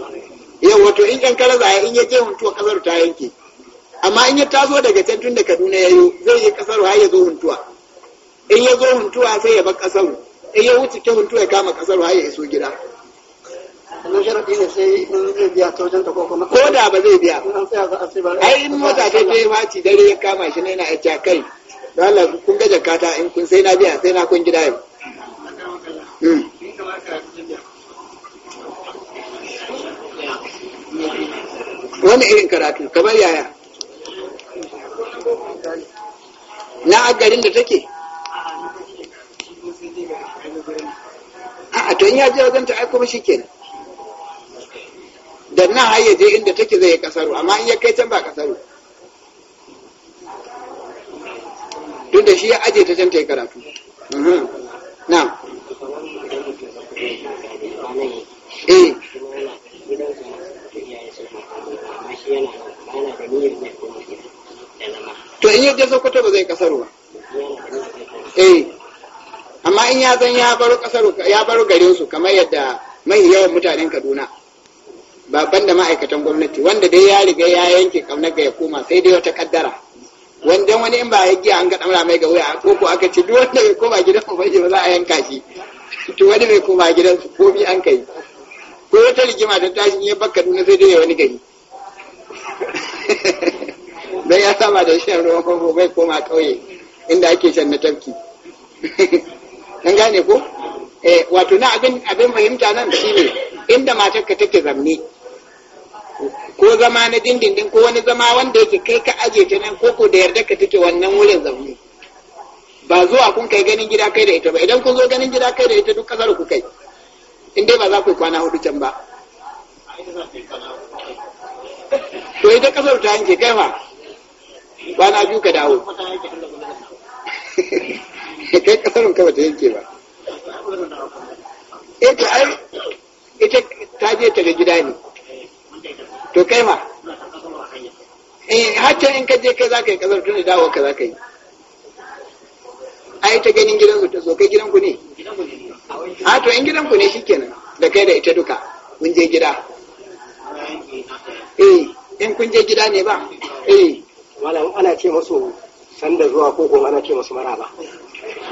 yau wato in yan kare za a in ya je huntuwa kasaru ta yanke amma in ya taso daga can tun da kaduna ya yi zai yi kasar har ya zo huntuwa in ya zo huntuwa sai ya bar kasar in ya wuce ta huntuwa ya kama kasar har ya iso gida ko da ba zai biya ai in mota ta ta yi maci dare ya kama shi na yana a cakai da Allah kun ga jakata in kun sai na biya sai na kun gida yau hmm. wani irin karatu kamar yaya na a garin da take a to in ya je wajen ta aiko shi ke da nan haye je inda take zai kasaru amma in ya kai can ba kasaru duk da shi ya aje ta can ta yi karatu mhm. na eh yana da niyyar da to in yadda je sokoto ba zai kasaru ba eh amma in ya zan ya baro kasaru ya baro garin su kamar yadda mai yawan mutanen Kaduna ba da ma'aikatan gwamnati wanda dai ya riga ya yanke kauna ga ya koma sai dai wata kaddara wanda wani in ba ya giya an ga damra mai ga wuya ko ko aka ce duk wanda bai koma gidan mu ba za a yanka shi to wani bai koma gidan su ko bi an kai ko wata rigima ta tashi ya bakka duna sai dai ya wani gari (laughs) don ya saba da shan ruwan famfo bai koma ƙauye inda ake shan na tafki an gane ko eh, wato na abin abin fahimta nan shine inda matarka take zamne ko zama na dindindin ko wani zama wanda yake kai ka aje ta nan ko ko da yarda ka take wannan wurin zamne ba zuwa kun kai ganin gida kai da ita ba idan kun zo ganin gida kai da ita duk kasar ku kai in dai ba za ku yi kwana hudu can ba to ita kasar ta yanke kai ma kwana biyu ka dawo (laughs) kai kasarun ka bata yanke ba Ita eh, to ai ita ta je ta ga gida ne to kai ma eh hatta in ka je kai za ka yi kasar tun da dawo ka za ka yi ai ta ganin gidansu ta zo kai gidan ku ne a ah, to in ku ne shikenan da kai da ita duka kun je gida eh in kun je gida ne ba eh malam ana ce musu sanda zuwa ko kuma ana ce musu maraba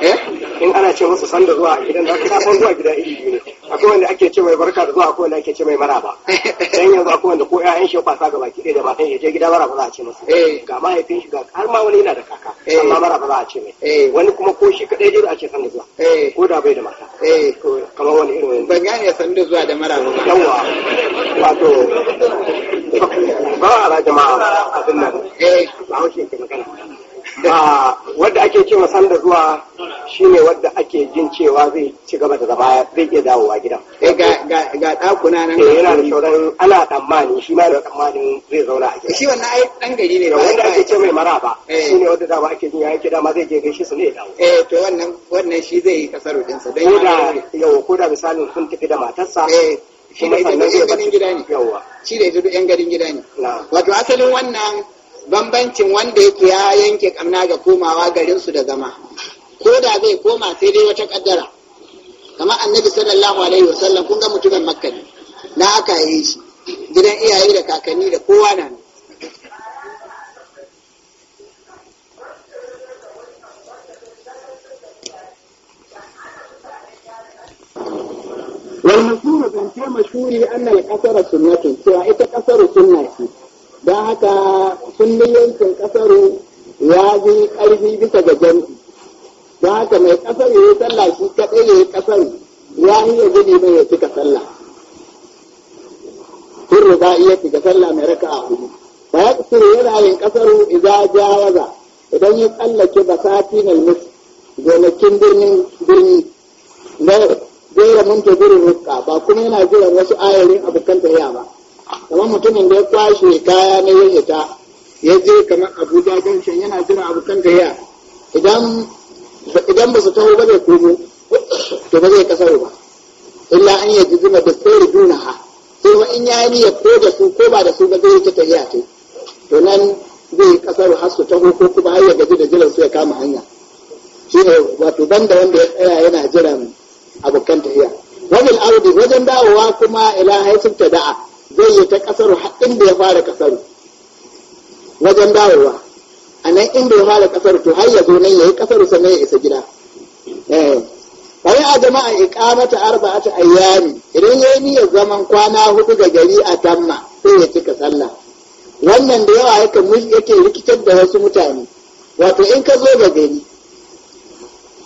Eh? in ana ce musu sanda zuwa a gidan da aka kasan zuwa gida iri biyu ne akwai wanda ake ce mai barka da zuwa akwai wanda ake ce mai maraba (laughs) dan yanzu akwai wanda ko ƴaƴan shi kwasa ga baki ɗaya da ba ya je gida maraba za a ce masa eh. ga mahaifin shi ga har ma wani yana da kaka eh. amma maraba za a ce mai wani kuma ko shi kaɗai je da ake sanda zuwa ko da bai da mata kamar wani irin wani ban gane sanda zuwa da maraba ba yawa wato ba a jama'a abin nan ba wuce ke magana wadda ake cewa sanda zuwa shine wadda ake jin cewa zai ci gaba da zama zai iya dawowa gidan eh, ga ɗakuna nan eh yana da sauran ana tsammani shi ma da tsammanin zai zauna a gidan shi wannan ai ɗan gari ne ba wanda ake ce mai maraba eh. shine wadda dama ake jin ya kida ma zai je gaishe su ne ya dawo eh to wannan wannan shi zai yi kasar din don yana yau ko da misalin sun tafi da matarsa eh, shi ne ita garin gida ne shi da ita yan garin gida ne wato asalin wannan bambancin wanda yake ya yanke kamna ga komawa garinsu da zama ko da zai koma sai dai wata kaddara kamar annabi sallallahu alaihi wasallam kun ga mutumin makka ne na aka yi shi gidan iyaye da kakanni da kowa na والمشهور كان كما أن الأثر سنة سواء إذا أثر سنة da haka kullum yankin kasar ya ji ƙarfi bisa ga jam'i da haka mai kasar ya yi sallah shi kaɗai ya yi kasar ya yi ya gudu mai ya cika sallah tun riga iya cika sallah mai raka a hudu ba ya kusur yana yin kasar idan waza idan ya tsallake ba basati na mus gonakin birnin birni na jera mun ta gurin ba kuma yana jiran wasu ayarin abokan tafiya ba kuma mutumin da ya kwashe kaya na ya ita, ya je kamar abuja junction yana jira abokan kan idan idan ba su taho ba zai komo to ba zai kasar ba illa an yi jizima da tsere duna ha sai wa in ya yi ya ko da su ko ba da su ba zai yi ta ce to nan zai kasar har su taho ko kuma har ya gaji da jiran su ya kama hanya shi ne wato banda wanda ya tsaya yana jiran abokan tafiya. wajen ardi wajen dawowa kuma ila haifin ta da'a inda ya fara kasaru wajen dawowa a nan inda ya fara kasaru to har ya zo nan ya yi kasaru sannan ya isa gida eh. bari a jama'a iqamata arba'ata ayyami idan ya yi zaman kwana hudu ga gari a tamma sai ya cika sallah wannan da yawa yake yake rikitar da wasu mutane wato in ka zo ga gari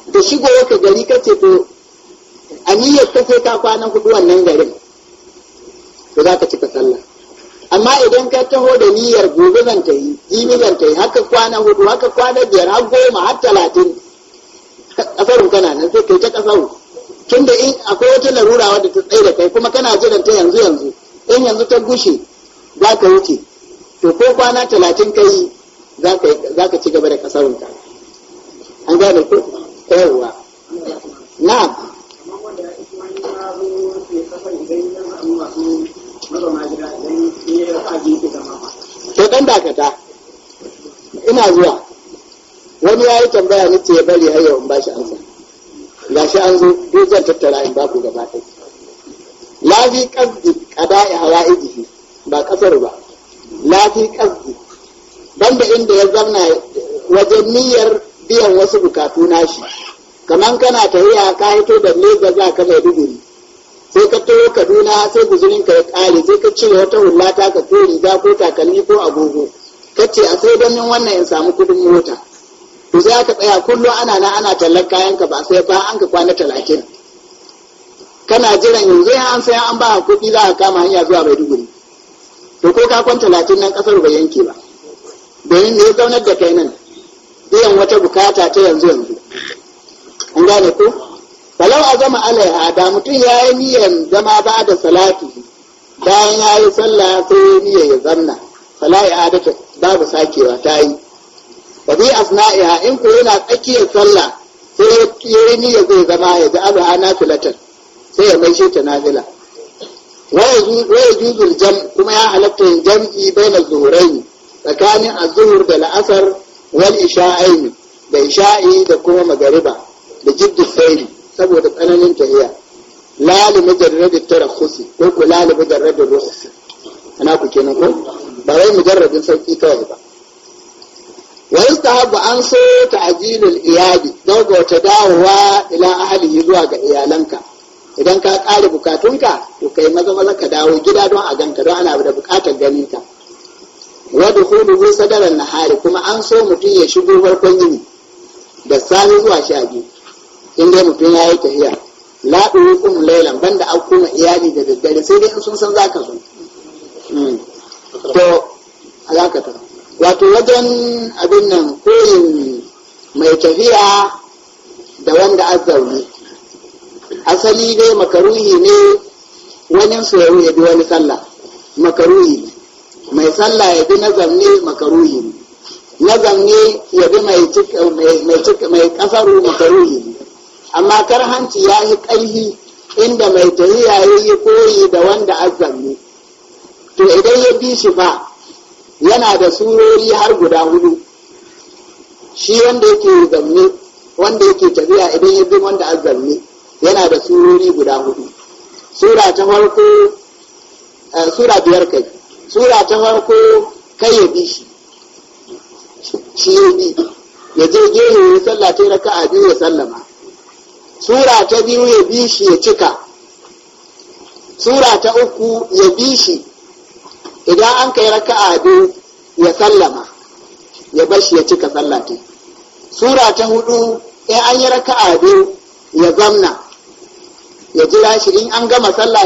da shigo ka gari kace to a niyyar ka sai ka kwana hudu wannan garin to za ka cika sallah amma idan ka taho da niyyar gobe zan ta yi jibi zan ta yi haka kwana hudu haka kwana biyar har goma har talatin kasarun kana nan sai kai ta kasar tunda in akwai wata larura wadda ta tsaye da kai kuma kana jiran ta yanzu yanzu in yanzu ta gushe za ka wuce to ko kwana talatin ka yi za ka ci gaba da kasarun ka an gane ko yawwa na'am to dan dakata ina zuwa wani ya yi tambaya ni ce ya bari har yau in ba shi ansa ga shi an zo duk zan tattara in ba ku gaba ɗaya lafi kasdi qada'i hawaijihi ba kasar ba lafi kasdi banda inda ya zamna wajen niyyar biyan wasu bukatu na shi kaman kana tafiya ka hito da lagos za ka mai duguri taho kaduna sai guzurin ka ya kare sai ka cire wata hulla ta ka ko riga ko takalmi ko agogo ka ce a sai don wannan in samu kudin mota Ku sai ka tsaya kullum ana na ana tallar kayan ka ba sai ba an ka kwana talatin kana jiran yanzu an sai an ba kuɗi za a kama hanya zuwa maiduguri to ko ka kwan talatin nan kasar ba yanke ba domin me ya zaunar da kai nan biyan wata bukata ta yanzu yanzu an gane ko falau azama alaiha da mutum ya yi niyyar zama ba da salati bayan ya yi sallah sai ya niyyar ya zanna sala'i adata babu sakewa ta yi wa bi asna'iha in ko yana tsakiyar sallah sai ya yi niyyar zai zama ya ji abu ana filatar sai ya maishe ta nafila waya juzul jam kuma ya halatta yin jam'i bai na zuhurai tsakanin azuhur da la'asar wal isha'aini da isha'i da kuma magariba da Jiddus sairi saboda tsananin tahiya lali li mujarrad tarakhusi ko ko lali mujarrad rukhsi ana ku kenan ko ba wai mujarradin sauki kawai ba wa yustahabu an so ta'jilul iyadi ta dawowa ila ahlihi zuwa ga iyalanka idan ka ƙare bukatunka to kai maza maza ka dawo gida don a ganka don ana da bukatar ganinka wa dukhulu sadaran nahari kuma an so mutum ya shigo farkon yini da sani zuwa sha biyu in dai mutum ya yi tafiya la ɗuwukun lailan banda an kuma iyali da daddare sai dai in sun san za ka zo hmm. to alakata wato wajen abin nan koyin mai tafiya da wanda an asali dai makaruhi ne wani su ya bi wani sallah makaruhi mai sallah ya bi nazar ne makaruhi ne ne ya bi mai kasaru makaruhi ne amma hanci ya yi ƙaihi inda mai tahiya ya yi koyi da wanda azzanni to idan ya bi shi ba yana da surori har guda hudu shi wanda yake zanne wanda yake tafiya idan ya bi wanda azzanni yana da surori guda hudu sura ta farko eh, sura biyar kai sura ta farko kai ya bi shi shi ya bi ya je gehe ya sallata raka'a biyu ya sallama sura ta biyu ya bi shi ya cika sura ta uku ya bi shi idan an kai raka'a biyu ya sallama ya bar shi ya cika sallata sura ta hudu in an yi raka'a biyu ya zamna ya jira shi in an gama sallah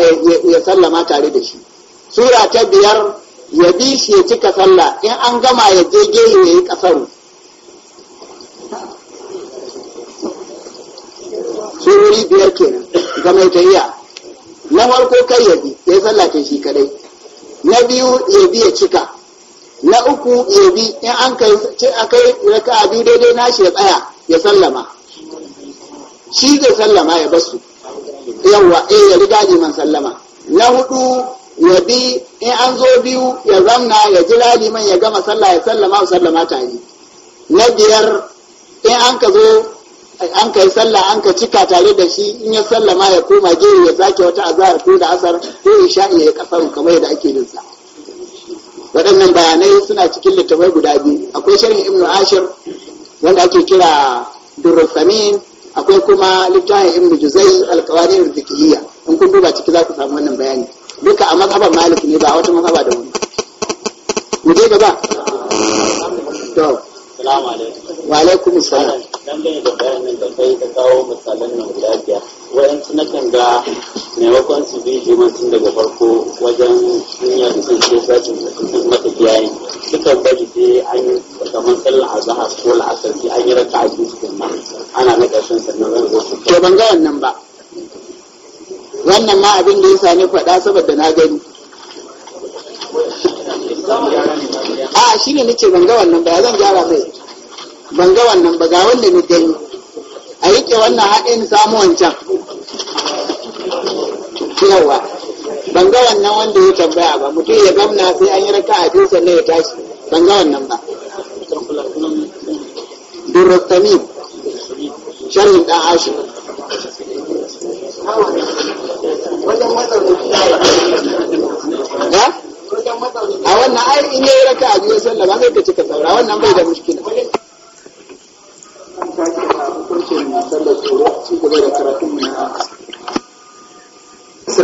ya sallama tare da shi sura ta biyar ya bi shi ya cika sallah in an gama ya je gehe ya yi kasaru surori biyar kenan ga mai tahiya na farko kai ya bi ya sallace shi kadai na biyu ya bi ya cika na uku ya bi in an kai akai a biyu daidai na shi ya tsaya ya sallama shi zai sallama ya basu yawa eh ya riga liman sallama na hudu ya bi in an zo biyu ya zamna ya jira liman ya gama sallah ya sallama sallama tare na biyar in an ka zo an kai sallah an ka cika tare da shi in ya sallama ya koma geri ya sake wata azahar ko da asar ko sha ya kasar kamar yadda ake yin sa waɗannan bayanai suna cikin littafai guda biyu akwai sharhin ibnu ashir wanda ake kira durrusamin akwai kuma littafin ibnu juzai alkawarin zikiyya in kun duba ciki za ku samu wannan bayani duka a mazhaban malik ne ba wata mazhaba da wani mu je gaba to Salamu alaikum. Wa alaikum salam. Dangane da bayanin da kai ka kawo misalan nan guda biyar. Wayanci na kan ga maimakon su bi jimancin daga farko wajen duniya da sun ce sashen sun matafiya ne. Suka bari sai an yi kamar sallar azahar ko la'asar sai an yi raka a cikin ma. Ana na ƙarshen sannan zan zo. To ban ga wannan ba. Wannan ma abin da ya sani faɗa saboda na gani. a shi ne nake ban ga wannan ba zan gyara mai ban wannan ba ga wanda ni gani a rike wannan haɗin samu wancan yawa ban wannan wanda ya tambaya ba mutum ya gamna sai an yi raka a biyu sannan ya tashi ban ga wannan ba durrattami sharhin ɗan ashi a wannan ai in yayi raka'a biyu ba zai ka cika saura wannan bai da mushkila da